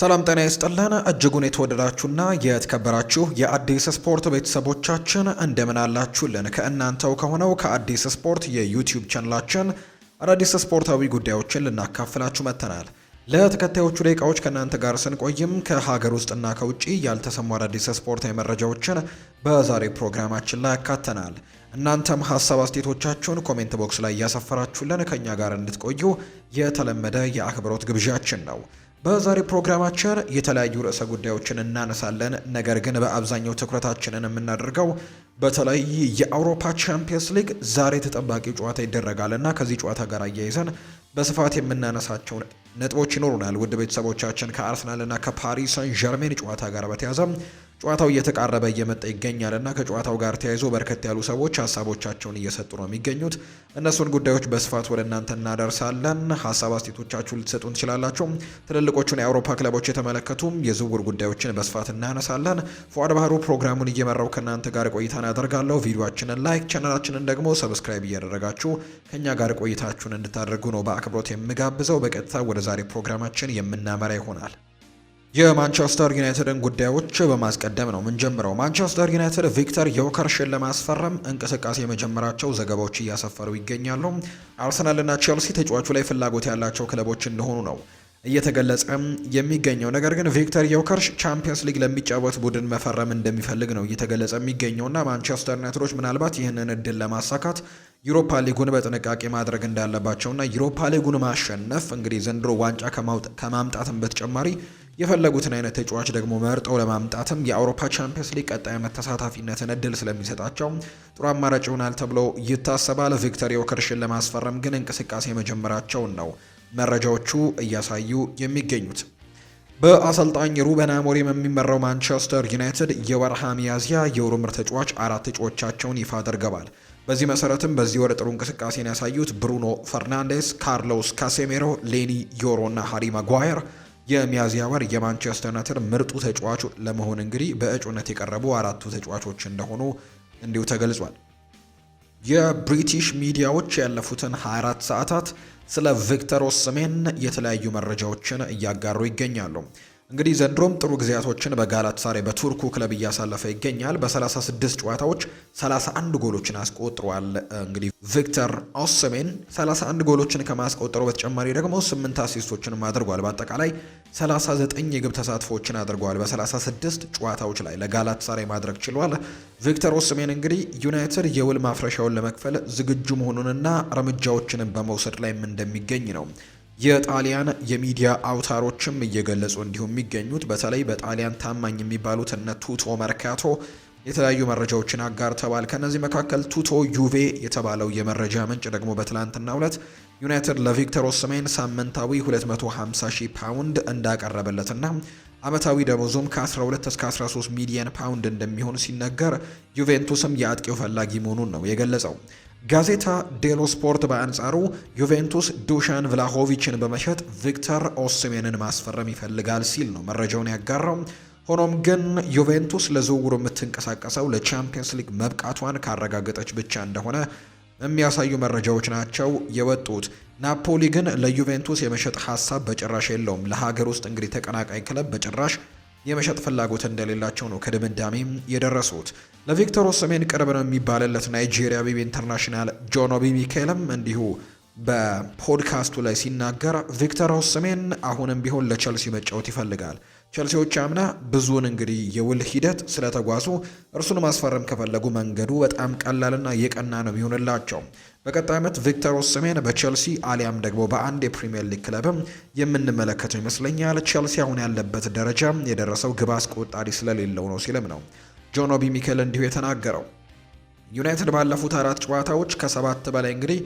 ሰላም ጤና ይስጥልን እጅጉን የተወደዳችሁና የተከበራችሁ የአዲስ ስፖርት ቤተሰቦቻችን እንደምን አላችሁልን? ከእናንተው ከሆነው ከአዲስ ስፖርት የዩቲዩብ ቻናላችን አዳዲስ ስፖርታዊ ጉዳዮችን ልናካፍላችሁ መጥተናል። ለተከታዮቹ ደቂቃዎች ከእናንተ ጋር ስንቆይም ከሀገር ውስጥና ከውጭ ያልተሰሙ አዳዲስ ስፖርታዊ መረጃዎችን በዛሬ ፕሮግራማችን ላይ ያካተናል። እናንተም ሀሳብ አስተያየቶቻችሁን ኮሜንት ቦክስ ላይ እያሰፈራችሁልን ከእኛ ጋር እንድትቆዩ የተለመደ የአክብሮት ግብዣችን ነው። በዛሬ ፕሮግራማችን የተለያዩ ርዕሰ ጉዳዮችን እናነሳለን። ነገር ግን በአብዛኛው ትኩረታችንን የምናደርገው በተለይ የአውሮፓ ቻምፒየንስ ሊግ ዛሬ ተጠባቂ ጨዋታ ይደረጋል እና ከዚህ ጨዋታ ጋር አያይዘን በስፋት የምናነሳቸው ነጥቦች ይኖሩናል። ውድ ቤተሰቦቻችን ከአርሰናል እና ከፓሪስ ሰን ዠርሜን ጨዋታ ጋር በተያያዘ ጨዋታው እየተቃረበ እየመጣ ይገኛል እና ከጨዋታው ጋር ተያይዞ በርከት ያሉ ሰዎች ሀሳቦቻቸውን እየሰጡ ነው የሚገኙት። እነሱን ጉዳዮች በስፋት ወደ እናንተ እናደርሳለን። ሀሳብ አስቴቶቻችሁ ልትሰጡን ትችላላችሁ። ትልልቆቹን የአውሮፓ ክለቦች የተመለከቱም የዝውውር ጉዳዮችን በስፋት እናነሳለን። ፉአድ ባህሩ ፕሮግራሙን እየመራው ከእናንተ ጋር ቆይታን አደርጋለሁ። ቪዲዮችንን ላይክ፣ ቻናላችንን ደግሞ ሰብስክራይብ እያደረጋችሁ ከእኛ ጋር ቆይታችሁን እንድታደርጉ ነው በአክብሮት የምጋብዘው። በቀጥታ ወደ ዛሬ ፕሮግራማችን የምናመራ ይሆናል። የማንቸስተር ዩናይትድን ጉዳዮች በማስቀደም ነው ምንጀምረው። ማንቸስተር ዩናይትድ ቪክተር ዮከርሽን ለማስፈረም እንቅስቃሴ የመጀመራቸው ዘገባዎች እያሰፈሩ ይገኛሉ። አርሰናልና ቼልሲ ተጫዋቹ ላይ ፍላጎት ያላቸው ክለቦች እንደሆኑ ነው እየተገለጸ የሚገኘው። ነገር ግን ቪክተር ዮከርሽ ቻምፒየንስ ሊግ ለሚጫወት ቡድን መፈረም እንደሚፈልግ ነው እየተገለጸ የሚገኘውና ማንቸስተር ዩናይትዶች ምናልባት ይህንን እድል ለማሳካት ዩሮፓ ሊጉን በጥንቃቄ ማድረግ እንዳለባቸውና ዩሮፓ ሊጉን ማሸነፍ እንግዲህ ዘንድሮ ዋንጫ ከማምጣትም በተጨማሪ የፈለጉትን አይነት ተጫዋች ደግሞ መርጠው ለማምጣትም የአውሮፓ ቻምፒየንስ ሊግ ቀጣይ ዓመት ተሳታፊነትን እድል ስለሚሰጣቸው ጥሩ አማራጭ ይሆናል ተብሎ ይታሰባል። ቪክተር ዮከርሽን ለማስፈረም ግን እንቅስቃሴ መጀመራቸውን ነው መረጃዎቹ እያሳዩ የሚገኙት። በአሰልጣኝ ሩበን አሞሪም የሚመራው ማንቸስተር ዩናይትድ የወርሃ ሚያዝያ የወሩ ምርጥ ተጫዋች አራት እጩዎቻቸውን ይፋ አድርገዋል። በዚህ መሰረትም በዚህ ወር ጥሩ እንቅስቃሴን ያሳዩት ብሩኖ ፈርናንዴስ፣ ካርሎስ ካሴሜሮ፣ ሌኒ ዮሮ እና ሃሪ ማጓየር የሚያዝያ ወር የማንቸስተር ዩናይትድ ምርጡ ተጫዋች ለመሆን እንግዲህ በእጩነት የቀረቡ አራቱ ተጫዋቾች እንደሆኑ እንዲሁ ተገልጿል። የብሪቲሽ ሚዲያዎች ያለፉትን 24 ሰዓታት ስለ ቪክተር ኦስሜን የተለያዩ መረጃዎችን እያጋሩ ይገኛሉ። እንግዲህ ዘንድሮም ጥሩ ጊዜያቶችን በጋላት በቱርኩ ክለብ እያሳለፈ ይገኛል። በ36 ጨዋታዎች 31 ጎሎችን አስቆጥሯል። እንግዲህ ቪክተር ኦስሜን 31 ጎሎችን ከማስቆጠሩ በተጨማሪ ደግሞ 8 አሲስቶችንም አድርጓል። በአጠቃላይ 39 የግብ ተሳትፎችን አድርጓል። በ36 ጨዋታዎች ላይ ለጋላት ማድረግ ችሏል። ቪክተር ኦስሜን እንግዲህ ዩናይትድ የውል ማፍረሻውን ለመክፈል ዝግጁ መሆኑንና እርምጃዎችንም በመውሰድ ላይም እንደሚገኝ ነው የጣሊያን የሚዲያ አውታሮችም እየገለጹ እንዲሁም የሚገኙት በተለይ በጣሊያን ታማኝ የሚባሉት እነ ቱቶ መርካቶ የተለያዩ መረጃዎችን አጋርተዋል። ከእነዚህ መካከል ቱቶ ዩቬ የተባለው የመረጃ ምንጭ ደግሞ በትላንትናው ዕለት ዩናይትድ ለቪክተር ኦስሜን ሳምንታዊ 250 ሺህ ፓውንድ እንዳቀረበለትና አመታዊ ደሞዙም ከ12 እስከ 13 ሚሊየን ፓውንድ እንደሚሆን ሲነገር ዩቬንቱስም የአጥቂው ፈላጊ መሆኑን ነው የገለጸው። ጋዜታ ዴሎ ስፖርት በአንጻሩ ዩቬንቱስ ዱሻን ቭላሆቪችን በመሸጥ ቪክተር ኦስሜንን ማስፈረም ይፈልጋል ሲል ነው መረጃውን ያጋራው። ሆኖም ግን ዩቬንቱስ ለዝውውሩ የምትንቀሳቀሰው ለቻምፒየንስ ሊግ መብቃቷን ካረጋገጠች ብቻ እንደሆነ የሚያሳዩ መረጃዎች ናቸው የወጡት። ናፖሊ ግን ለዩቬንቱስ የመሸጥ ሀሳብ በጭራሽ የለውም። ለሀገር ውስጥ እንግዲህ ተቀናቃይ ክለብ በጭራሽ የመሸጥ ፍላጎት እንደሌላቸው ነው ከድምዳሜም የደረሱት። ለቪክቶር ኦሰሜን ቅርብ ነው የሚባልለት ቢቢ ኢንተርናሽናል ጆን ኦቢ ሚኬልም እንዲሁ በፖድካስቱ ላይ ሲናገር ቪክተር ኦሰሜን አሁንም ቢሆን ለቸልሲ መጫወት ይፈልጋል ቸልሲዎች አምና ብዙውን እንግዲህ የውል ሂደት ስለተጓዙ እርሱን ማስፈረም ከፈለጉ መንገዱ በጣም ቀላልና የቀና ነው የሚሆንላቸው። በቀጣይ ዓመት ቪክተር ኦስሜን በቸልሲ አሊያም ደግሞ በአንድ የፕሪምየር ሊግ ክለብም የምንመለከተው ይመስለኛል። ቸልሲ አሁን ያለበት ደረጃ የደረሰው ግብ አስቆጣሪ ስለሌለው ነው ሲልም ነው ጆን ኦቢ ሚኬል እንዲሁ የተናገረው። ዩናይትድ ባለፉት አራት ጨዋታዎች ከሰባት በላይ እንግዲህ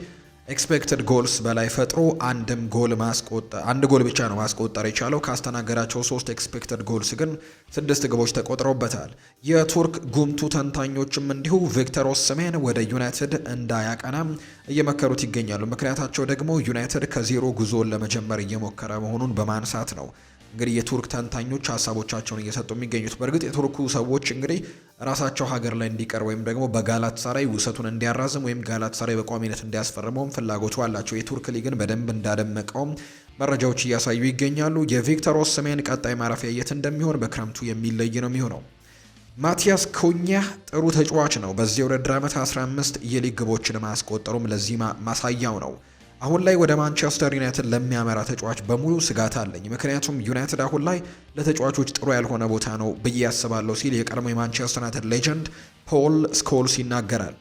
ኤክስፔክትድ ጎልስ በላይ ፈጥሮ አንድም ጎል ማስቆጠር አንድ ጎል ብቻ ነው ማስቆጠር የቻለው። ካስተናገዳቸው ሶስት ኤክስፔክትድ ጎልስ ግን ስድስት ግቦች ተቆጥረውበታል። የቱርክ ጉምቱ ተንታኞችም እንዲሁ ቪክተር ኦስሜን ወደ ዩናይትድ እንዳያቀናም እየመከሩት ይገኛሉ። ምክንያታቸው ደግሞ ዩናይትድ ከዜሮ ጉዞን ለመጀመር እየሞከረ መሆኑን በማንሳት ነው። እንግዲህ የቱርክ ተንታኞች ሀሳቦቻቸውን እየሰጡ የሚገኙት በእርግጥ የቱርኩ ሰዎች እንግዲህ ራሳቸው ሀገር ላይ እንዲቀር ወይም ደግሞ በጋላት ሳራይ ውሰቱን እንዲያራዝም ወይም ጋላት ሳራይ በቋሚነት እንዲያስፈርመውም ፍላጎቱ አላቸው። የቱርክ ሊግን በደንብ እንዳደመቀውም መረጃዎች እያሳዩ ይገኛሉ። የቪክተር ኦስሜን ቀጣይ ማረፊያ የት እንደሚሆን በክረምቱ የሚለይ ነው የሚሆነው። ማቲያስ ኩኛ ጥሩ ተጫዋች ነው። በዚህ ውድድር ዓመት 15 የሊግ ግቦችን ማስቆጠሩም ለዚህ ማሳያው ነው። አሁን ላይ ወደ ማንቸስተር ዩናይትድ ለሚያመራ ተጫዋች በሙሉ ስጋት አለኝ፣ ምክንያቱም ዩናይትድ አሁን ላይ ለተጫዋቾች ጥሩ ያልሆነ ቦታ ነው ብዬ ያስባለሁ ሲል የቀድሞ የማንቸስተር ዩናይትድ ሌጀንድ ፖል ስኮልስ ይናገራል።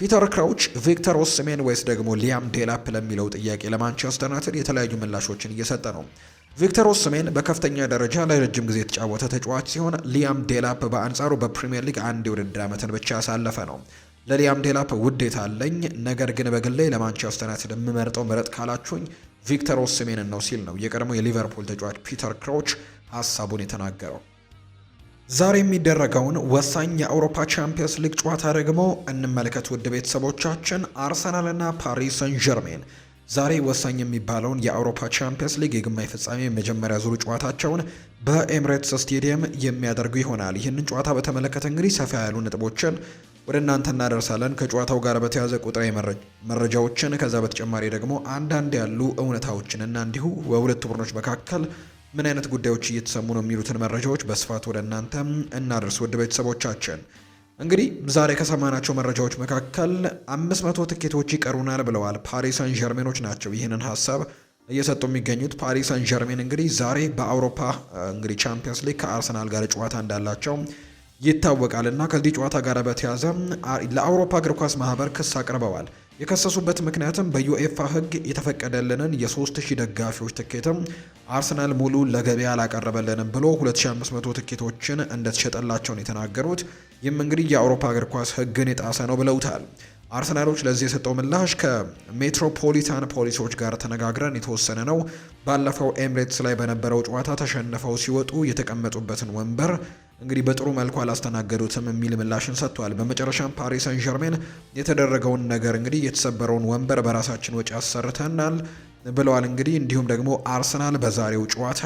ፒተር ክራውች፣ ቪክተር ኦስሜን ወይስ ደግሞ ሊያም ዴላፕ ለሚለው ጥያቄ ለማንቸስተር ዩናይትድ የተለያዩ ምላሾችን እየሰጠ ነው። ቪክተር ኦስሜን በከፍተኛ ደረጃ ለረጅም ጊዜ የተጫወተ ተጫዋች ሲሆን ሊያም ዴላፕ በአንጻሩ በፕሪምየር ሊግ አንድ የውድድር ዓመትን ብቻ ያሳለፈ ነው። ለሊያም ዴላፕ ውዴት አለኝ፣ ነገር ግን በግሌ ለማንቸስተር ዩናይትድ የምመርጠው ምረጥ ካላችሁኝ ቪክተር ኦስሜንን ነው ሲል ነው የቀድሞ የሊቨርፑል ተጫዋች ፒተር ክሮች ሀሳቡን የተናገረው። ዛሬ የሚደረገውን ወሳኝ የአውሮፓ ቻምፒየንስ ሊግ ጨዋታ ደግሞ እንመልከት። ውድ ቤተሰቦቻችን አርሰናልና ፓሪስ ሰን ጀርሜን ዛሬ ወሳኝ የሚባለውን የአውሮፓ ቻምፒየንስ ሊግ የግማሽ ፍጻሜ የመጀመሪያ ዙሩ ጨዋታቸውን በኤምሬትስ ስቴዲየም የሚያደርጉ ይሆናል። ይህንን ጨዋታ በተመለከተ እንግዲህ ሰፋ ያሉ ነጥቦችን ወደ እናንተ እናደርሳለን። ከጨዋታው ጋር በተያዘ ቁጥራዊ መረጃዎችን ከዛ በተጨማሪ ደግሞ አንዳንድ ያሉ እውነታዎችን እና እንዲሁ በሁለቱ ቡድኖች መካከል ምን አይነት ጉዳዮች እየተሰሙ ነው የሚሉትን መረጃዎች በስፋት ወደ እናንተ እናደርስ ውድ ቤተሰቦቻችን። እንግዲህ ዛሬ ከሰማናቸው መረጃዎች መካከል አምስት መቶ ትኬቶች ይቀሩናል ብለዋል ፓሪስ ሳን ዠርሜኖች ናቸው ይህንን ሀሳብ እየሰጡ የሚገኙት። ፓሪስ ሳን ዠርሜን እንግዲህ ዛሬ በአውሮፓ እንግዲህ ቻምፒየንስ ሊግ ከአርሰናል ጋር ጨዋታ እንዳላቸው ይታወቃል እና ከዚህ ጨዋታ ጋር በተያዘ ለአውሮፓ እግር ኳስ ማህበር ክስ አቅርበዋል። የከሰሱበት ምክንያትም በዩኤፋ ሕግ የተፈቀደልንን የ3000 ደጋፊዎች ትኬትም አርሰናል ሙሉ ለገበያ አላቀረበልንም ብሎ 2500 ትኬቶችን እንደተሸጠላቸውን የተናገሩት ይህም እንግዲህ የአውሮፓ እግር ኳስ ሕግን የጣሰ ነው ብለውታል። አርሰናሎች ለዚህ የሰጠው ምላሽ ከሜትሮፖሊታን ፖሊሶች ጋር ተነጋግረን የተወሰነ ነው። ባለፈው ኤምሬትስ ላይ በነበረው ጨዋታ ተሸንፈው ሲወጡ የተቀመጡበትን ወንበር እንግዲህ በጥሩ መልኩ አላስተናገዱትም የሚል ምላሽን ሰጥቷል። በመጨረሻም ፓሪስ ሰን ዠርሜን የተደረገውን ነገር እንግዲህ የተሰበረውን ወንበር በራሳችን ወጪ አሰርተናል ብለዋል። እንግዲህ እንዲሁም ደግሞ አርሰናል በዛሬው ጨዋታ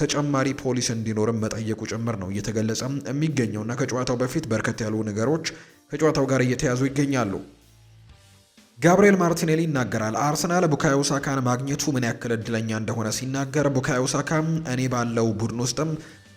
ተጨማሪ ፖሊስ እንዲኖርም መጠየቁ ጭምር ነው እየተገለጸ የሚገኘው እና ከጨዋታው በፊት በርከት ያሉ ነገሮች ከጨዋታው ጋር እየተያዙ ይገኛሉ። ጋብርኤል ማርቲኔሊ ይናገራል። አርሰናል ቡካዮ ሳካን ማግኘቱ ምን ያክል እድለኛ እንደሆነ ሲናገር ቡካዮ ሳካም እኔ ባለው ቡድን ውስጥም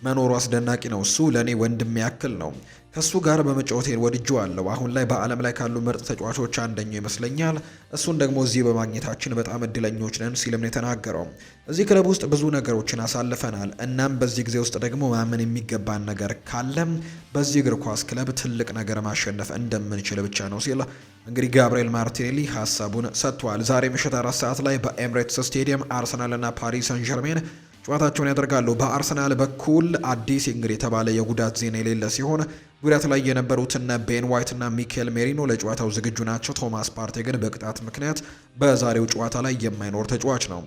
መኖሩ አስደናቂ ነው። እሱ ለእኔ ወንድም ያክል ነው። ከእሱ ጋር በመጫወቴን ወድጄዋለሁ። አሁን ላይ በዓለም ላይ ካሉ ምርጥ ተጫዋቾች አንደኛው ይመስለኛል። እሱን ደግሞ እዚህ በማግኘታችን በጣም እድለኞች ነን ሲልም ነው የተናገረው። እዚህ ክለብ ውስጥ ብዙ ነገሮችን አሳልፈናል። እናም በዚህ ጊዜ ውስጥ ደግሞ ማመን የሚገባን ነገር ካለም በዚህ እግር ኳስ ክለብ ትልቅ ነገር ማሸነፍ እንደምንችል ብቻ ነው ሲል እንግዲህ ጋብርኤል ማርቲኔሊ ሀሳቡን ሰጥቷል። ዛሬ ምሽት አራት ሰዓት ላይ በኤምሬትስ ስቴዲየም አርሰናልና ፓሪስ ሰን ጀርሜን ጨዋታቸውን ያደርጋሉ። በአርሰናል በኩል አዲስ እንግዲህ የተባለ የጉዳት ዜና የሌለ ሲሆን ጉዳት ላይ የነበሩትና ቤን ዋይት እና ሚኬል ሜሪኖ ለጨዋታው ዝግጁ ናቸው። ቶማስ ፓርቴ ግን በቅጣት ምክንያት በዛሬው ጨዋታ ላይ የማይኖር ተጫዋች ነው።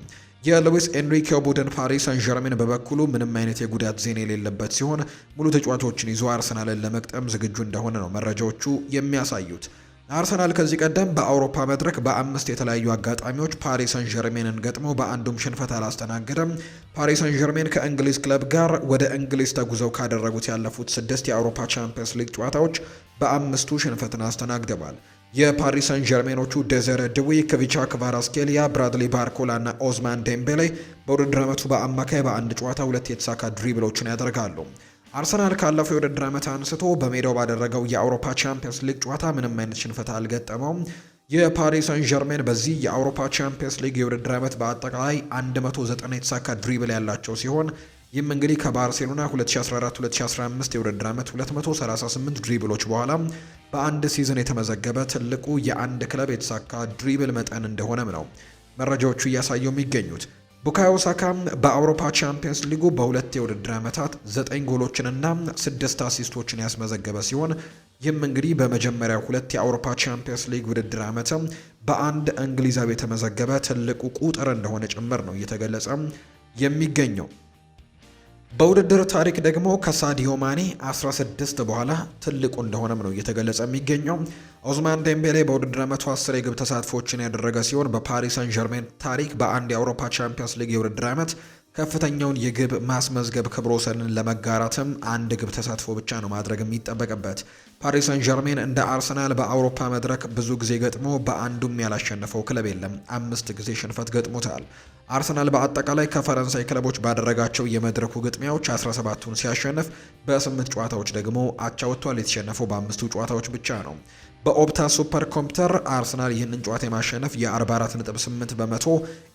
የሉዊስ ኤንሪኬ ቡድን ፓሪስ ሰን ዠርሜን በበኩሉ ምንም አይነት የጉዳት ዜና የሌለበት ሲሆን ሙሉ ተጫዋቾችን ይዞ አርሰናልን ለመቅጠም ዝግጁ እንደሆነ ነው መረጃዎቹ የሚያሳዩት። አርሰናል ከዚህ ቀደም በአውሮፓ መድረክ በአምስት የተለያዩ አጋጣሚዎች ፓሪስ ሰን ዠርሜንን ገጥሞ በአንዱም ሽንፈት አላስተናገደም። ፓሪስ ሰን ዠርሜን ከእንግሊዝ ክለብ ጋር ወደ እንግሊዝ ተጉዘው ካደረጉት ያለፉት ስድስት የአውሮፓ ቻምፒየንስ ሊግ ጨዋታዎች በአምስቱ ሽንፈትን አስተናግደዋል። የፓሪስ ሰን ጀርሜኖቹ ደዘረ ድዊ፣ ክቪቻ ክቫራስኬሊያ፣ ብራድሊ ባርኮላ ና ኦዝማን ዴምቤሌ በውድድር አመቱ በአማካይ በአንድ ጨዋታ ሁለት የተሳካ ድሪብሎችን ያደርጋሉ። አርሰናል ካለፈው የውድድር ዓመት አንስቶ በሜዳው ባደረገው የአውሮፓ ቻምፒየንስ ሊግ ጨዋታ ምንም አይነት ሽንፈት አልገጠመውም። የፓሪስ ሳን ዠርሜን በዚህ የአውሮፓ ቻምፒየንስ ሊግ የውድድር ዓመት በአጠቃላይ 190 የተሳካ ድሪብል ያላቸው ሲሆን ይህም እንግዲህ ከባርሴሎና 2014-2015 የውድድር ዓመት 238 ድሪብሎች በኋላ በአንድ ሲዝን የተመዘገበ ትልቁ የአንድ ክለብ የተሳካ ድሪብል መጠን እንደሆነም ነው መረጃዎቹ እያሳየው የሚገኙት። ቡካዮ በአውሮፓ ቻምፒየንስ ሊጉ በሁለት የውድድር ዓመታት ዘጠኝ ጎሎችንና ስድስት አሲስቶችን ያስመዘገበ ሲሆን ይህም እንግዲህ በመጀመሪያው ሁለት የአውሮፓ ቻምፒየንስ ሊግ ውድድር ዓመትም በአንድ እንግሊዛዊ የተመዘገበ ትልቁ ቁጥር እንደሆነ ጭምር ነው እየተገለጸ የሚገኘው። በውድድር ታሪክ ደግሞ ከሳዲዮ ማኔ 16 በኋላ ትልቁ እንደሆነም ነው እየተገለጸ የሚገኘው። ኦዝማን ዴምቤሌ በውድድር ዓመቱ 10 የግብ ተሳትፎችን ያደረገ ሲሆን በፓሪስ ሰን ጀርሜን ታሪክ በአንድ የአውሮፓ ቻምፒየንስ ሊግ የውድድር ዓመት ከፍተኛውን የግብ ማስመዝገብ ክብረ ወሰንን ለመጋራትም አንድ ግብ ተሳትፎ ብቻ ነው ማድረግ የሚጠበቅበት። ፓሪስ ሰን ዠርሜን እንደ አርሰናል በአውሮፓ መድረክ ብዙ ጊዜ ገጥሞ በአንዱም ያላሸነፈው ክለብ የለም። አምስት ጊዜ ሽንፈት ገጥሞታል። አርሰናል በአጠቃላይ ከፈረንሳይ ክለቦች ባደረጋቸው የመድረኩ ግጥሚያዎች 17ቱን ሲያሸንፍ በስምንት ጨዋታዎች ደግሞ አቻ ወጥቷል። የተሸነፈው በአምስቱ ጨዋታዎች ብቻ ነው። በኦፕታ ሱፐር ኮምፒውተር አርሰናል ይህንን ጨዋታ የማሸነፍ የ44.8 በመቶ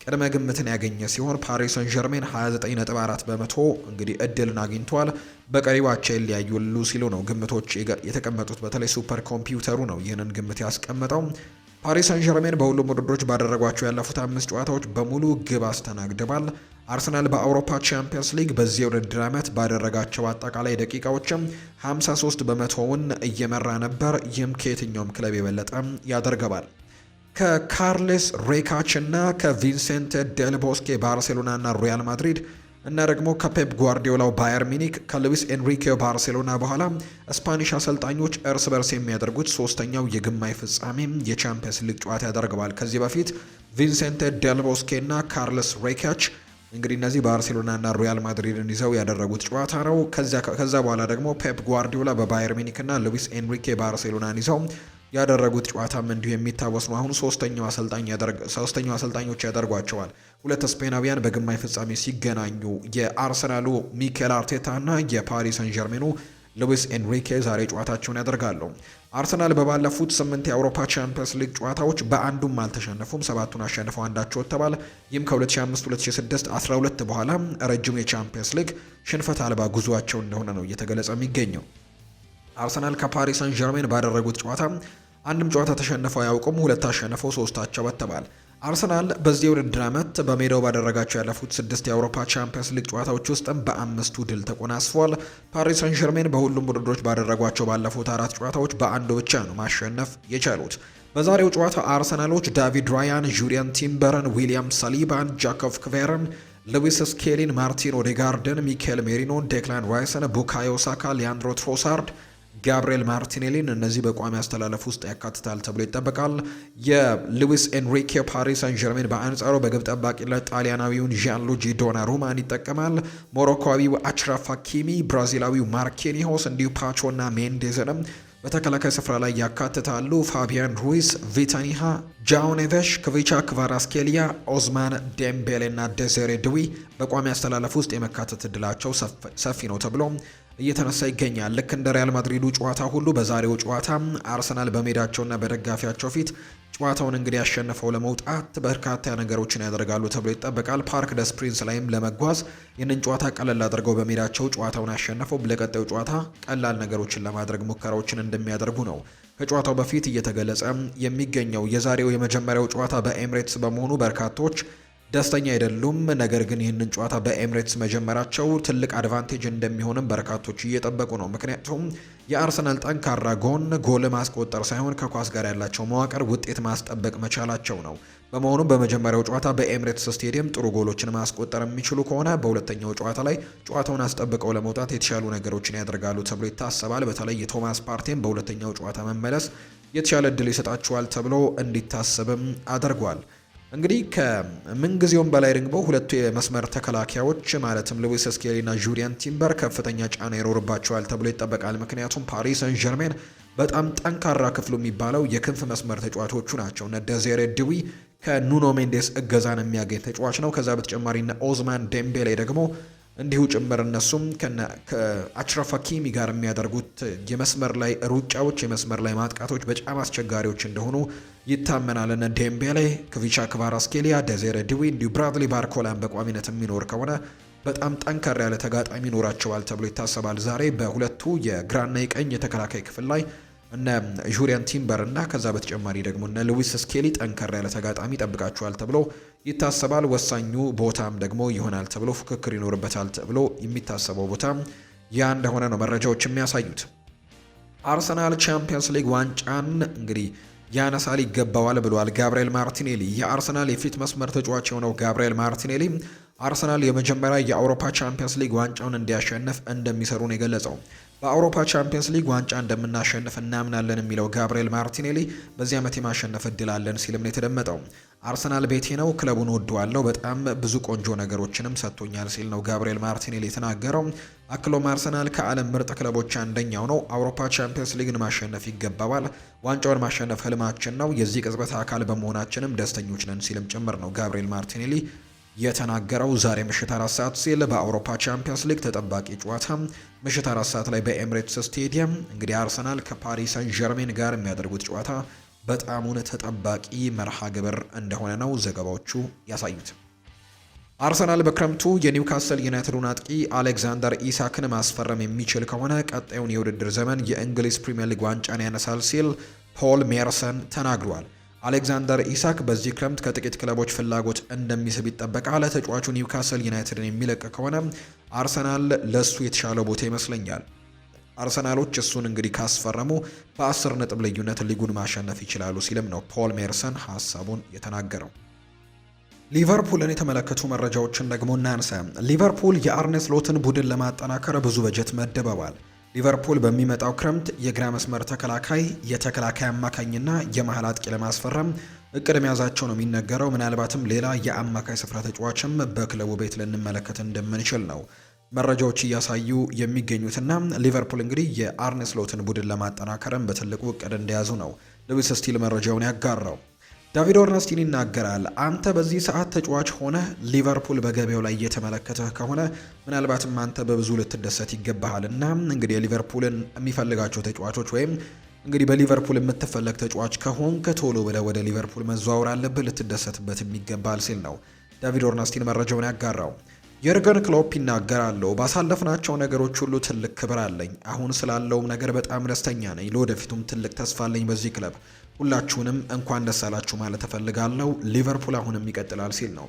ቅድመ ግምትን ያገኘ ሲሆን ፓሪስ ሰን ዠርሜን 29.4 በመቶ እንግዲህ እድልን አግኝቷል። በቀሪው አቻ ይለያያሉ ሲሉ ነው ግምቶች የተቀመጡት። በተለይ ሱፐር ኮምፒውተሩ ነው ይህንን ግምት ያስቀመጠው። ፓሪስ ሳን ዠርሜን በሁሉም ውድድሮች ባደረጓቸው ያለፉት አምስት ጨዋታዎች በሙሉ ግብ አስተናግደዋል። አርሰናል በአውሮፓ ቻምፒየንስ ሊግ በዚህ የውድድር ዓመት ባደረጋቸው አጠቃላይ ደቂቃዎችም 53 በመቶውን እየመራ ነበር። ይህም ከየትኛውም ክለብ የበለጠ ያደርገዋል። ከካርሌስ ሬካች እና ከቪንሴንት ዴልቦስኬ ባርሴሎና እና ሪያል ማድሪድ እና ደግሞ ከፔፕ ጓርዲዮላው ባየር ሚኒክ ከሉዊስ ኤንሪኬ ባርሴሎና በኋላ ስፓኒሽ አሰልጣኞች እርስ በርስ የሚያደርጉት ሶስተኛው የግማይ ፍጻሜም የቻምፒየንስ ሊግ ጨዋታ ያደርገዋል። ከዚህ በፊት ቪንሴንተ ደልቦስኬ እና ካርለስ ሬካች እንግዲህ እነዚህ ባርሴሎና እና ሪያል ማድሪድን ይዘው ያደረጉት ጨዋታ ነው። ከዛ በኋላ ደግሞ ፔፕ ጓርዲዮላ በባየር ሚኒክ እና ሉዊስ ኤንሪኬ ባርሴሎናን ይዘው ያደረጉት ጨዋታም እንዲሁ የሚታወስ ነው። አሁን ሶስተኛው አሰልጣኝ ያደርግ ሶስተኛው አሰልጣኞች ያደርጓቸዋል። ሁለት ስፔናውያን በግማሽ ፍጻሜ ሲገናኙ የአርሰናሉ ሚኬል አርቴታና የፓሪስ ሰን ጀርሜኑ ሉዊስ ኤንሪኬ ዛሬ ጨዋታቸውን ያደርጋሉ። አርሰናል በባለፉት ስምንት የአውሮፓ ቻምፒየንስ ሊግ ጨዋታዎች በአንዱም አልተሸነፉም፣ ሰባቱን አሸንፈው አንዳቸው ተባለ። ይህም ከ2005/2006 12 በኋላ ረጅሙ የቻምፒየንስ ሊግ ሽንፈት አልባ ጉዟቸው እንደሆነ ነው እየተገለጸ የሚገኘው። አርሰናል ከፓሪስ ሰን ዠርሜን ባደረጉት ጨዋታ አንድም ጨዋታ ተሸንፈው አያውቁም። ሁለት አሸንፈው ሶስታቸው በተባል አርሰናል በዚህ ውድድር ዓመት በሜዳው ባደረጋቸው ያለፉት ስድስት የአውሮፓ ቻምፒየንስ ሊግ ጨዋታዎች ውስጥም በአምስቱ ድል ተቆናስፏል። ፓሪስ ሰን ዠርሜን በሁሉም ውድድሮች ባደረጓቸው ባለፉት አራት ጨዋታዎች በአንዱ ብቻ ነው ማሸነፍ የቻሉት። በዛሬው ጨዋታ አርሰናሎች ዳቪድ ራያን፣ ጁሪያን ቲምበርን፣ ዊሊያም ሳሊባን፣ ጃኮቭ ክቬርን፣ ሉዊስ ስኬሊን፣ ማርቲን ኦዴጋርድን፣ ሚካኤል ሜሪኖን፣ ዴክላን ራይሰን፣ ቡካዮ ሳካ፣ ሊያንድሮ ትሮሳርድ ጋብሪኤል ማርቲኔሊን እነዚህ በቋሚ አስተላለፍ ውስጥ ያካትታል ተብሎ ይጠበቃል። የሉዊስ ኤንሪኬ ፓሪስ ሳን ጀርሜን በአንጻሩ በግብ ጠባቂ ጣሊያናዊውን ዣንሉጂ ዶና ሩማን ይጠቀማል። ሞሮኮዊው አችራፍ ሀኪሚ፣ ብራዚላዊው ማርኪኒሆስ እንዲሁ ፓቾና ሜንዴዘንም በተከላካይ ስፍራ ላይ ያካትታሉ። ፋቢያን ሩይስ፣ ቪታኒሃ፣ ጃውኔቨሽ፣ ክቪቻ ክቫራስኬሊያ፣ ኦዝማን ዴምቤሌ ና ደዘሬ ድዊ በቋሚ አስተላለፍ ውስጥ የመካተት እድላቸው ሰፊ ነው ተብሎ እየተነሳ ይገኛል። ልክ እንደ ሪያል ማድሪዱ ጨዋታ ሁሉ በዛሬው ጨዋታ አርሰናል በሜዳቸውና በደጋፊያቸው ፊት ጨዋታውን እንግዲህ አሸንፈው ለመውጣት በርካታ ነገሮችን ያደርጋሉ ተብሎ ይጠበቃል። ፓርክ ደስ ፕሪንስ ላይም ለመጓዝ ይህንን ጨዋታ ቀለል አድርገው በሜዳቸው ጨዋታውን ያሸነፈው ለቀጣዩ ጨዋታ ቀላል ነገሮችን ለማድረግ ሙከራዎችን እንደሚያደርጉ ነው ከጨዋታው በፊት እየተገለጸ የሚገኘው። የዛሬው የመጀመሪያው ጨዋታ በኤምሬትስ በመሆኑ በርካቶች ደስተኛ አይደሉም። ነገር ግን ይህንን ጨዋታ በኤምሬትስ መጀመራቸው ትልቅ አድቫንቴጅ እንደሚሆንም በርካቶች እየጠበቁ ነው። ምክንያቱም የአርሰናል ጠንካራ ጎን ጎል ማስቆጠር ሳይሆን ከኳስ ጋር ያላቸው መዋቅር ውጤት ማስጠበቅ መቻላቸው ነው። በመሆኑም በመጀመሪያው ጨዋታ በኤምሬትስ ስቴዲየም ጥሩ ጎሎችን ማስቆጠር የሚችሉ ከሆነ በሁለተኛው ጨዋታ ላይ ጨዋታውን አስጠብቀው ለመውጣት የተሻሉ ነገሮችን ያደርጋሉ ተብሎ ይታሰባል። በተለይ የቶማስ ፓርቴን በሁለተኛው ጨዋታ መመለስ የተሻለ እድል ይሰጣቸዋል ተብሎ እንዲታሰብም አድርጓል። እንግዲህ ከምንጊዜውም በላይ ደግሞ ሁለቱ የመስመር ተከላካዮች ማለትም ሉዊስ ስኬሊ ና ጁሪያን ቲምበር ከፍተኛ ጫና ይኖርባቸዋል ተብሎ ይጠበቃል። ምክንያቱም ፓሪስ ሰን ጀርሜን በጣም ጠንካራ ክፍሉ የሚባለው የክንፍ መስመር ተጫዋቾቹ ናቸው። እነ ደዜሬ ድዊ ከኑኖ ሜንዴስ እገዛን የሚያገኝ ተጫዋች ነው። ከዛ በተጨማሪ ና ኦዝማን ዴምቤሌ ደግሞ እንዲሁ ጭምር እነሱም ከአችራፍ ሀኪሚ ጋር የሚያደርጉት የመስመር ላይ ሩጫዎች፣ የመስመር ላይ ማጥቃቶች በጣም አስቸጋሪዎች እንደሆኑ ይታመናል። እነ ዴምቤሌ፣ ክቪቻ ክቫራስኬሊያ፣ ደዜረ ዲዊ እንዲሁ ብራድሊ ባርኮላን በቋሚነት የሚኖር ከሆነ በጣም ጠንከር ያለ ተጋጣሚ ይኖራቸዋል ተብሎ ይታሰባል። ዛሬ በሁለቱ የግራና የቀኝ የተከላካይ ክፍል ላይ እነ ጁሪያን ቲምበር እና ከዛ በተጨማሪ ደግሞ እነ ሉዊስ ስኬሊ ጠንከር ያለ ተጋጣሚ ይጠብቃቸዋል ተብሎ ይታሰባል። ወሳኙ ቦታም ደግሞ ይሆናል ተብሎ ፉክክር ይኖርበታል ተብሎ የሚታሰበው ቦታ ያ እንደሆነ ነው መረጃዎች የሚያሳዩት። አርሰናል ቻምፒየንስ ሊግ ዋንጫን እንግዲህ ያነሳል ይገባዋል ብሏል ጋብርኤል ማርቲኔሊ። የአርሰናል የፊት መስመር ተጫዋች የሆነው ጋብርኤል ማርቲኔሊ አርሰናል የመጀመሪያ የአውሮፓ ቻምፒየንስ ሊግ ዋንጫውን እንዲያሸንፍ እንደሚሰሩ ነው የገለጸው። በአውሮፓ ቻምፒየንስ ሊግ ዋንጫ እንደምናሸንፍ እናምናለን የሚለው ጋብርኤል ማርቲኔሊ በዚህ ዓመት የማሸነፍ እድል አለን ሲልም ነው የተደመጠው። አርሰናል ቤቴ ነው፣ ክለቡን ወደዋለሁ፣ በጣም ብዙ ቆንጆ ነገሮችንም ሰጥቶኛል ሲል ነው ጋብርኤል ማርቲኔሊ የተናገረው። አክሎም አርሰናል ከዓለም ምርጥ ክለቦች አንደኛው ነው፣ አውሮፓ ቻምፒየንስ ሊግን ማሸነፍ ይገባዋል፣ ዋንጫውን ማሸነፍ ህልማችን ነው፣ የዚህ ቅጽበት አካል በመሆናችንም ደስተኞች ነን ሲልም ጭምር ነው ጋብርኤል ማርቲኔሊ የተናገረው ዛሬ ምሽት አራት ሰዓት ሲል በአውሮፓ ቻምፒየንስ ሊግ ተጠባቂ ጨዋታ ምሽት አራት ሰዓት ላይ በኤምሬትስ ስቴዲየም እንግዲህ አርሰናል ከፓሪስ ሳን ጀርሜን ጋር የሚያደርጉት ጨዋታ በጣሙን ተጠባቂ መርሃ ግብር እንደሆነ ነው ዘገባዎቹ ያሳዩት። አርሰናል በክረምቱ የኒውካስል ዩናይትዱን አጥቂ አሌክዛንደር ኢሳክን ማስፈረም የሚችል ከሆነ ቀጣዩን የውድድር ዘመን የእንግሊዝ ፕሪምየር ሊግ ዋንጫን ያነሳል ሲል ፖል ሜርሰን ተናግሯል። አሌክዛንደር ኢሳክ በዚህ ክረምት ከጥቂት ክለቦች ፍላጎት እንደሚስብ ይጠበቃል። ተጫዋቹ ኒውካስል ዩናይትድን የሚለቅ ከሆነ አርሰናል ለሱ የተሻለ ቦታ ይመስለኛል። አርሰናሎች እሱን እንግዲህ ካስፈረሙ በአስር ነጥብ ልዩነት ሊጉን ማሸነፍ ይችላሉ ሲልም ነው ፖል ሜርሰን ሀሳቡን የተናገረው። ሊቨርፑልን የተመለከቱ መረጃዎችን ደግሞ እናንሳ። ሊቨርፑል የአርኔ ስሎትን ቡድን ለማጠናከር ብዙ በጀት መድበዋል። ሊቨርፑል በሚመጣው ክረምት የግራ መስመር ተከላካይ፣ የተከላካይ አማካኝና የመሀል አጥቂ ለማስፈረም እቅድ መያዛቸው ነው የሚነገረው። ምናልባትም ሌላ የአማካይ ስፍራ ተጫዋችም በክለቡ ቤት ልንመለከት እንደምንችል ነው መረጃዎች እያሳዩ የሚገኙትና ሊቨርፑል እንግዲህ የአርኔስሎትን ቡድን ለማጠናከርም በትልቁ እቅድ እንደያዙ ነው ልዊስ ስቲል መረጃውን ያጋራው። ዳቪድ ኦርነስቲን ይናገራል። አንተ በዚህ ሰዓት ተጫዋች ሆነህ ሊቨርፑል በገበያው ላይ እየተመለከተህ ከሆነ ምናልባትም አንተ በብዙ ልትደሰት ይገባሃል እና እንግዲህ የሊቨርፑልን የሚፈልጋቸው ተጫዋቾች ወይም እንግዲህ በሊቨርፑል የምትፈለግ ተጫዋች ከሆንክ ቶሎ ብለህ ወደ ሊቨርፑል መዘዋወር አለብህ፣ ልትደሰትበትም ይገባል ሲል ነው ዳቪድ ኦርነስቲን መረጃውን ያጋራው። የርገን ክሎፕ ይናገራለሁ። ባሳለፍናቸው ነገሮች ሁሉ ትልቅ ክብር አለኝ። አሁን ስላለውም ነገር በጣም ደስተኛ ነኝ። ለወደፊቱም ትልቅ ተስፋ አለኝ በዚህ ክለብ። ሁላችሁንም እንኳን ደስ አላችሁ ማለት እፈልጋለሁ። ሊቨርፑል አሁንም ይቀጥላል ሲል ነው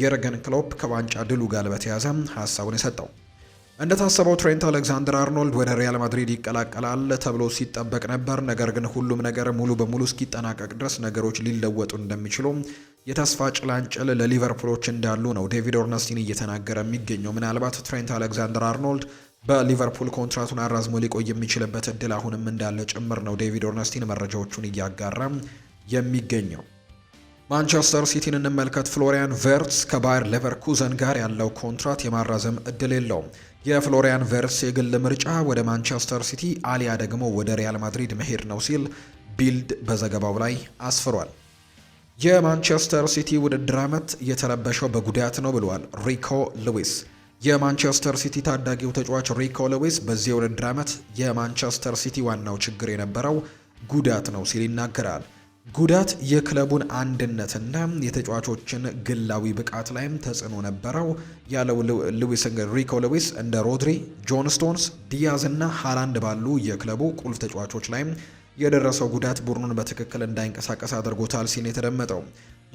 የርገን ክሎፕ ከዋንጫ ድሉ ጋር በተያያዘ ሀሳቡን የሰጠው። እንደታሰበው ትሬንት አሌክዛንደር አርኖልድ ወደ ሪያል ማድሪድ ይቀላቀላል ተብሎ ሲጠበቅ ነበር። ነገር ግን ሁሉም ነገር ሙሉ በሙሉ እስኪጠናቀቅ ድረስ ነገሮች ሊለወጡ እንደሚችሉ የተስፋ ጭላንጭል ለሊቨርፑሎች እንዳሉ ነው ዴቪድ ኦርነስቲን እየተናገረ የሚገኘው። ምናልባት ትሬንት አሌክዛንደር አርኖልድ በሊቨርፑል ኮንትራቱን አራዝሞ ሊቆይ የሚችልበት እድል አሁንም እንዳለ ጭምር ነው ዴቪድ ኦርነስቲን መረጃዎቹን እያጋራ የሚገኘው። ማንቸስተር ሲቲን እንመልከት። ፍሎሪያን ቨርትስ ከባየር ሌቨርኩዘን ጋር ያለው ኮንትራት የማራዘም እድል የለውም። የፍሎሪያን ቨርትስ የግል ምርጫ ወደ ማንቸስተር ሲቲ አሊያ ደግሞ ወደ ሪያል ማድሪድ መሄድ ነው ሲል ቢልድ በዘገባው ላይ አስፍሯል። የማንቸስተር ሲቲ ውድድር ዓመት የተረበሸው በጉዳት ነው ብለዋል ሪኮ ሉዊስ። የማንቸስተር ሲቲ ታዳጊው ተጫዋች ሪኮ ሉዊስ በዚህ የውድድር ዓመት የማንቸስተር ሲቲ ዋናው ችግር የነበረው ጉዳት ነው ሲል ይናገራል። ጉዳት የክለቡን አንድነትና የተጫዋቾችን ግላዊ ብቃት ላይም ተጽዕኖ ነበረው ያለው ሉዊስ ሪኮ ሉዊስ እንደ ሮድሪ፣ ጆን ስቶንስ፣ ዲያዝ እና ሃላንድ ባሉ የክለቡ ቁልፍ ተጫዋቾች ላይም የደረሰው ጉዳት ቡድኑን በትክክል እንዳይንቀሳቀስ አድርጎታል ሲል የተደመጠው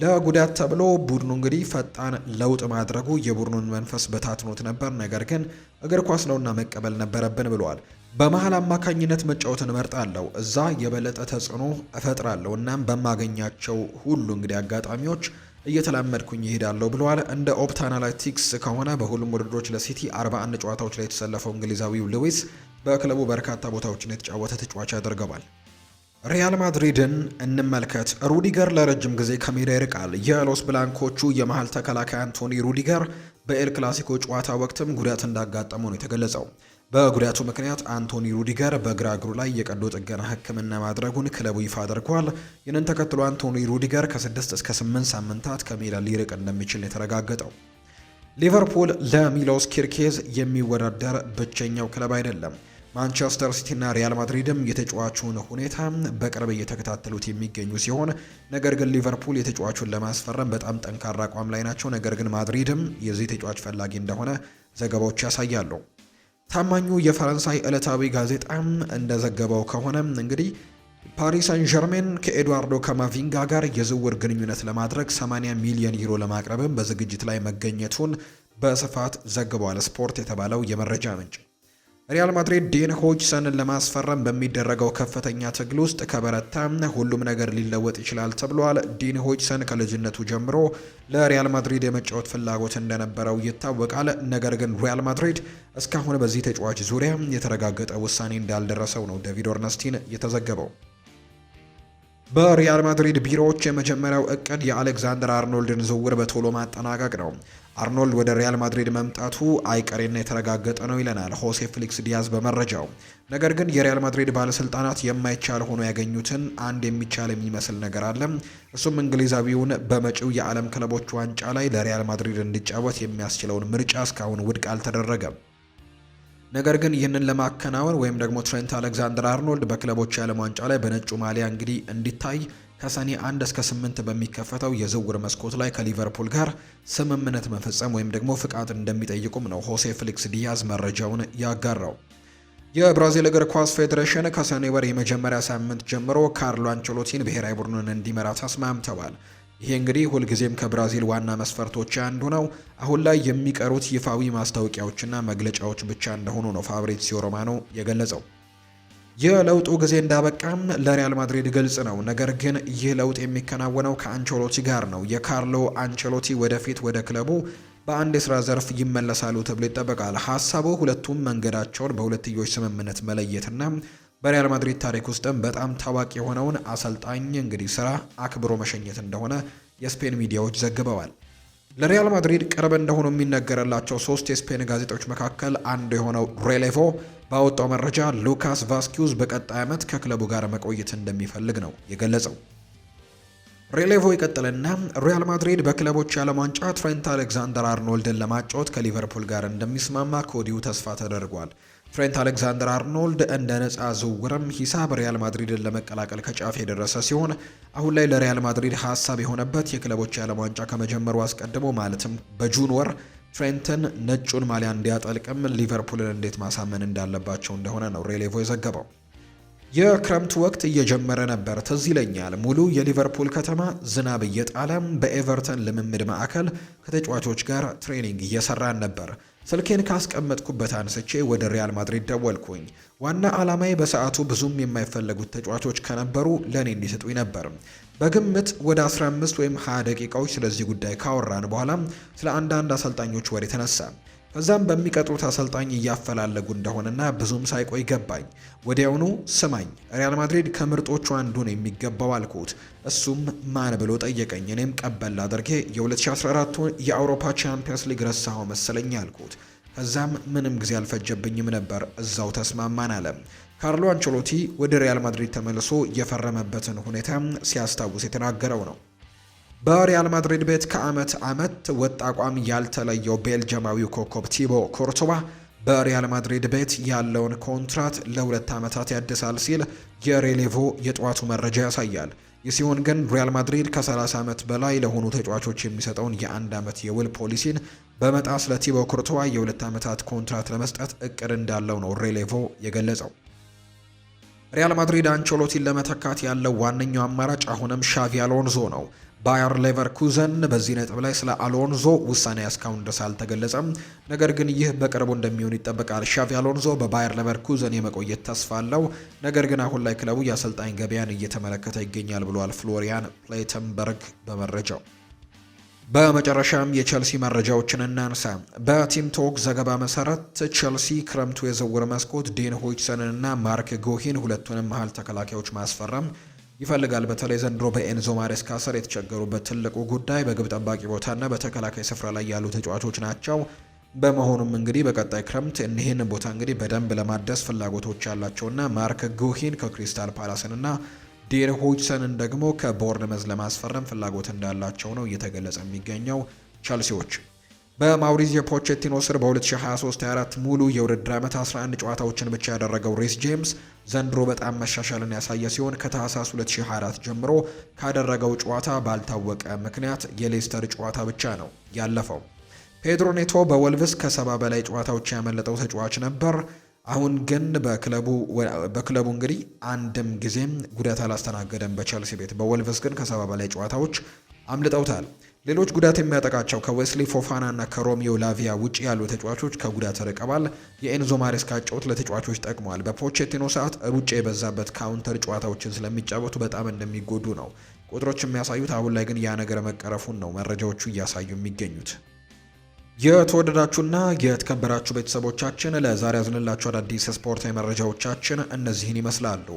ለጉዳት ተብሎ ቡድኑ እንግዲህ ፈጣን ለውጥ ማድረጉ የቡድኑን መንፈስ በታትኖት ነበር፣ ነገር ግን እግር ኳስ ነውና መቀበል ነበረብን ብለዋል። በመሀል አማካኝነት መጫወትን እመርጣለሁ። እዛ የበለጠ ተጽዕኖ እፈጥራለሁ። እናም በማገኛቸው ሁሉ እንግዲህ አጋጣሚዎች እየተላመድኩኝ ይሄዳለሁ ብለዋል። እንደ ኦፕታ አናላቲክስ ከሆነ በሁሉም ውድድሮች ለሲቲ 41 ጨዋታዎች ላይ የተሰለፈው እንግሊዛዊው ሉዊስ በክለቡ በርካታ ቦታዎችን የተጫወተ ተጫዋች ያደርገዋል። ሪያል ማድሪድን እንመልከት። ሩዲገር ለረጅም ጊዜ ከሜዳ ይርቃል። የሎስ ብላንኮቹ የመሀል ተከላካይ አንቶኒ ሩዲገር በኤል ክላሲኮ ጨዋታ ወቅትም ጉዳት እንዳጋጠመው ነው የተገለጸው። በጉዳቱ ምክንያት አንቶኒ ሩዲገር በግራ እግሩ ላይ የቀዶ ጥገና ሕክምና ማድረጉን ክለቡ ይፋ አድርጓል። ይህንን ተከትሎ አንቶኒ ሩዲገር ከስድስት እስከ ስምንት ሳምንታት ከሜዳ ሊርቅ እንደሚችል የተረጋገጠው። ሊቨርፑል ለሚሎስ ኪርኬዝ የሚወዳደር ብቸኛው ክለብ አይደለም። ማንቸስተር ሲቲና ሪያል ማድሪድም የተጫዋቹን ሁኔታ በቅርብ እየተከታተሉት የሚገኙ ሲሆን ነገር ግን ሊቨርፑል የተጫዋቹን ለማስፈረም በጣም ጠንካራ አቋም ላይ ናቸው። ነገር ግን ማድሪድም የዚህ ተጫዋች ፈላጊ እንደሆነ ዘገባዎች ያሳያሉ። ታማኙ የፈረንሳይ ዕለታዊ ጋዜጣም እንደዘገበው ከሆነ እንግዲህ ፓሪስ ሳን ዠርሜን ከኤድዋርዶ ካማቪንጋ ጋር የዝውውር ግንኙነት ለማድረግ 80 ሚሊዮን ዩሮ ለማቅረብም በዝግጅት ላይ መገኘቱን በስፋት ዘግቧል። ስፖርት የተባለው የመረጃ ምንጭ ሪያል ማድሪድ ዴን ሆጅሰንን ለማስፈረም በሚደረገው ከፍተኛ ትግል ውስጥ ከበረታ ሁሉም ነገር ሊለወጥ ይችላል ተብሏል። ዴን ሆጅሰን ከልጅነቱ ጀምሮ ለሪያል ማድሪድ የመጫወት ፍላጎት እንደነበረው ይታወቃል። ነገር ግን ሪያል ማድሪድ እስካሁን በዚህ ተጫዋች ዙሪያ የተረጋገጠ ውሳኔ እንዳልደረሰው ነው ዴቪድ ኦርነስቲን የተዘገበው። በሪያል ማድሪድ ቢሮዎች የመጀመሪያው እቅድ የአሌክዛንደር አርኖልድን ዝውውር በቶሎ ማጠናቀቅ ነው። አርኖልድ ወደ ሪያል ማድሪድ መምጣቱ አይቀሬና የተረጋገጠ ነው ይለናል ሆሴ ፊሊክስ ዲያዝ በመረጃው። ነገር ግን የሪያል ማድሪድ ባለስልጣናት የማይቻል ሆኖ ያገኙትን አንድ የሚቻል የሚመስል ነገር አለ። እሱም እንግሊዛዊውን በመጪው የዓለም ክለቦች ዋንጫ ላይ ለሪያል ማድሪድ እንዲጫወት የሚያስችለውን ምርጫ እስካሁን ውድቅ አልተደረገም። ነገር ግን ይህንን ለማከናወን ወይም ደግሞ ትሬንት አሌክዛንደር አርኖልድ በክለቦች የዓለም ዋንጫ ላይ በነጩ ማሊያ እንግዲህ እንዲታይ ከሰኔ አንድ እስከ ስምንት በሚከፈተው የዝውውር መስኮት ላይ ከሊቨርፑል ጋር ስምምነት መፈጸም ወይም ደግሞ ፍቃድ እንደሚጠይቁም ነው ሆሴ ፍሊክስ ዲያዝ መረጃውን ያጋራው። የብራዚል እግር ኳስ ፌዴሬሽን ከሰኔ ወር የመጀመሪያ ሳምንት ጀምሮ ካርሎ አንቸሎቲን ብሔራዊ ቡድኑን እንዲመራ ተስማምተዋል። ይሄ እንግዲህ ሁልጊዜም ከብራዚል ዋና መስፈርቶች አንዱ ነው። አሁን ላይ የሚቀሩት ይፋዊ ማስታወቂያዎችና መግለጫዎች ብቻ እንደሆኑ ነው ፋብሪዚዮ ሮማኖ የገለጸው። የለውጡ ጊዜ እንዳበቃም ለሪያል ማድሪድ ግልጽ ነው። ነገር ግን ይህ ለውጥ የሚከናወነው ከአንቸሎቲ ጋር ነው። የካርሎ አንቸሎቲ ወደፊት ወደ ክለቡ በአንድ የስራ ዘርፍ ይመለሳሉ ተብሎ ይጠበቃል። ሀሳቡ ሁለቱም መንገዳቸውን በሁለትዮሽ ስምምነት መለየትና በሪያል ማድሪድ ታሪክ ውስጥም በጣም ታዋቂ የሆነውን አሰልጣኝ እንግዲህ ስራ አክብሮ መሸኘት እንደሆነ የስፔን ሚዲያዎች ዘግበዋል። ለሪያል ማድሪድ ቅርብ እንደሆኑ የሚነገርላቸው ሶስት የስፔን ጋዜጦች መካከል አንዱ የሆነው ሬሌቮ ባወጣው መረጃ ሉካስ ቫስኪዩዝ በቀጣይ ዓመት ከክለቡ ጋር መቆየት እንደሚፈልግ ነው የገለጸው። ሬሌቮ ይቀጥልና ሪያል ማድሪድ በክለቦች የዓለም ዋንጫ ትሬንት አሌክዛንደር አርኖልድን ለማጫወት ከሊቨርፑል ጋር እንደሚስማማ ከወዲሁ ተስፋ ተደርጓል። ትሬንት አሌክዛንደር አርኖልድ እንደ ነፃ ዝውውርም ሂሳብ ሪያል ማድሪድን ለመቀላቀል ከጫፍ የደረሰ ሲሆን አሁን ላይ ለሪያል ማድሪድ ሀሳብ የሆነበት የክለቦች የዓለም ዋንጫ ከመጀመሩ አስቀድሞ ማለትም በጁን ወር ትሬንትን ነጩን ማሊያ እንዲያጠልቅም ሊቨርፑልን እንዴት ማሳመን እንዳለባቸው እንደሆነ ነው ሬሌቮ የዘገበው። የክረምት ወቅት እየጀመረ ነበር። ትዝ ይለኛል ሙሉ የሊቨርፑል ከተማ ዝናብ እየጣለም በኤቨርተን ልምምድ ማዕከል ከተጫዋቾች ጋር ትሬኒንግ እየሰራን ነበር። ስልኬን ካስቀመጥኩበት አንስቼ ወደ ሪያል ማድሪድ ደወልኩኝ። ዋና ዓላማዬ በሰዓቱ ብዙም የማይፈለጉት ተጫዋቾች ከነበሩ ለእኔ እንዲሰጡኝ ነበር። በግምት ወደ 15 ወይም 20 ደቂቃዎች ስለዚህ ጉዳይ ካወራን በኋላ ስለ አንዳንድ አሰልጣኞች ወሬ ተነሳ። እዛም በሚቀጥሩት አሰልጣኝ እያፈላለጉ እንደሆነና ብዙም ሳይቆይ ገባኝ። ወዲያውኑ ስማኝ፣ ሪያል ማድሪድ ከምርጦቹ አንዱ ነው የሚገባው አልኩት። እሱም ማን ብሎ ጠየቀኝ። እኔም ቀበል አድርጌ የ 2014 የአውሮፓ ቻምፒየንስ ሊግ ረሳኸው መሰለኝ አልኩት። ከዛም ምንም ጊዜ አልፈጀብኝም ነበር፣ እዛው ተስማማን አለ። ካርሎ አንቸሎቲ ወደ ሪያል ማድሪድ ተመልሶ የፈረመበትን ሁኔታ ሲያስታውስ የተናገረው ነው። በሪያል ማድሪድ ቤት ከአመት አመት ወጥ አቋም ያልተለየው ቤልጅማዊው ኮከብ ቲቦ ኮርቶባ በሪያል ማድሪድ ቤት ያለውን ኮንትራት ለሁለት ዓመታት ያድሳል ሲል የሬሌቮ የጠዋቱ መረጃ ያሳያል። ይህ ሲሆን ግን ሪያል ማድሪድ ከ30 ዓመት በላይ ለሆኑ ተጫዋቾች የሚሰጠውን የአንድ ዓመት የውል ፖሊሲን በመጣስ ለቲቦ ኩርቱዋ የሁለት ዓመታት ኮንትራት ለመስጠት እቅድ እንዳለው ነው ሬሌቮ የገለጸው። ሪያል ማድሪድ አንቸሎቲን ለመተካት ያለው ዋነኛው አማራጭ አሁንም ሻቪ አሎንዞ ነው። ባየር ሌቨርኩዘን በዚህ ነጥብ ላይ ስለ አሎንዞ ውሳኔ እስካሁን ድረስ አልተገለጸም። ነገር ግን ይህ በቅርቡ እንደሚሆን ይጠበቃል። ሻቪ አሎንዞ በባየር ሌቨርኩዘን የመቆየት ተስፋ አለው። ነገር ግን አሁን ላይ ክለቡ የአሰልጣኝ ገበያን እየተመለከተ ይገኛል ብሏል ፍሎሪያን ፕሌተንበርግ በመረጃው። በመጨረሻም የቸልሲ መረጃዎችን እናንሳ። በቲም ቶክ ዘገባ መሰረት ቸልሲ ክረምቱ የዝውውር መስኮት ዴን ሆይችሰንንና ማርክ ጎሂን ሁለቱንም መሀል ተከላካዮች ማስፈረም ይፈልጋል። በተለይ ዘንድሮ በኤንዞ ማሬስካ ስር የተቸገሩበት ትልቁ ጉዳይ በግብ ጠባቂ ቦታና በተከላካይ ስፍራ ላይ ያሉ ተጫዋቾች ናቸው። በመሆኑም እንግዲህ በቀጣይ ክረምት እኒህን ቦታ እንግዲህ በደንብ ለማደስ ፍላጎቶች ያላቸውና ማርክ ጉሂን ከክሪስታል ፓላስንና ዴር ሆጅሰንን ደግሞ ከቦርንመዝ ለማስፈረም ፍላጎት እንዳላቸው ነው እየተገለጸ የሚገኘው ቸልሲዎች በማውሪዚዮ ፖቼቲኖ ስር በ2023/24 ሙሉ የውድድር ዓመት 11 ጨዋታዎችን ብቻ ያደረገው ሪስ ጄምስ ዘንድሮ በጣም መሻሻልን ያሳየ ሲሆን ከታህሳስ 2024 ጀምሮ ካደረገው ጨዋታ ባልታወቀ ምክንያት የሌስተር ጨዋታ ብቻ ነው ያለፈው። ፔድሮ ኔቶ በወልቭስ ከሰባ በላይ ጨዋታዎች ያመለጠው ተጫዋች ነበር። አሁን ግን በክለቡ እንግዲህ አንድም ጊዜም ጉዳት አላስተናገደም በቸልሲ ቤት። በወልቭስ ግን ከሰባ በላይ ጨዋታዎች አምልጠውታል። ሌሎች ጉዳት የሚያጠቃቸው ከዌስሊ ፎፋና እና ከሮሚዮ ላቪያ ውጭ ያሉ ተጫዋቾች ከጉዳት ርቀዋል። የኤንዞ ማሬስካ ጨዋታ ለተጫዋቾች ጠቅሟል። በፖቼቲኖ ሰዓት ሩጫ የበዛበት ካውንተር ጨዋታዎችን ስለሚጫወቱ በጣም እንደሚጎዱ ነው ቁጥሮች የሚያሳዩት። አሁን ላይ ግን ያ ነገር መቀረፉን ነው መረጃዎቹ እያሳዩ የሚገኙት። የተወደዳችሁና የተከበራችሁ ቤተሰቦቻችን ለዛሬ ያዝንላችሁ አዳዲስ ስፖርታዊ መረጃዎቻችን እነዚህን ይመስላሉ።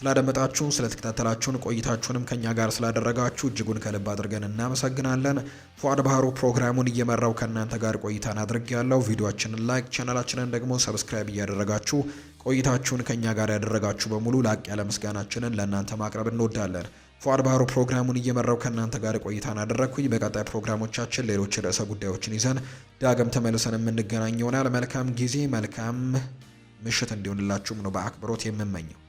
ስላደመጣችሁን፣ ስለተከታተላችሁን ቆይታችሁንም ከኛ ጋር ስላደረጋችሁ እጅጉን ከልብ አድርገን እናመሰግናለን። ፏድ ባህሩ ፕሮግራሙን እየመራው ከእናንተ ጋር ቆይታን አድርግ ያለው ቪዲዮችንን ላይክ ቻናላችንን ደግሞ ሰብስክራይብ እያደረጋችሁ ቆይታችሁን ከኛ ጋር ያደረጋችሁ በሙሉ ላቅ ያለ ምስጋናችንን ለእናንተ ማቅረብ እንወዳለን። ፏድ ባህሩ ፕሮግራሙን እየመራው ከእናንተ ጋር ቆይታን አደረግኩኝ። በቀጣይ ፕሮግራሞቻችን ሌሎች ርዕሰ ጉዳዮችን ይዘን ዳግም ተመልሰን የምንገናኝ ይሆናል። መልካም ጊዜ፣ መልካም ምሽት እንዲሆንላችሁም ነው በአክብሮት የምመኘው።